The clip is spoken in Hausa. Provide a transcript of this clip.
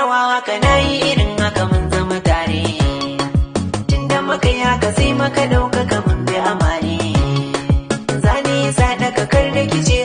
rawa haka na yi irin haka mun zama tare tunda muka yi haka sai maka ɗaukaka mun bi amare zane sa ɗaga kar rikice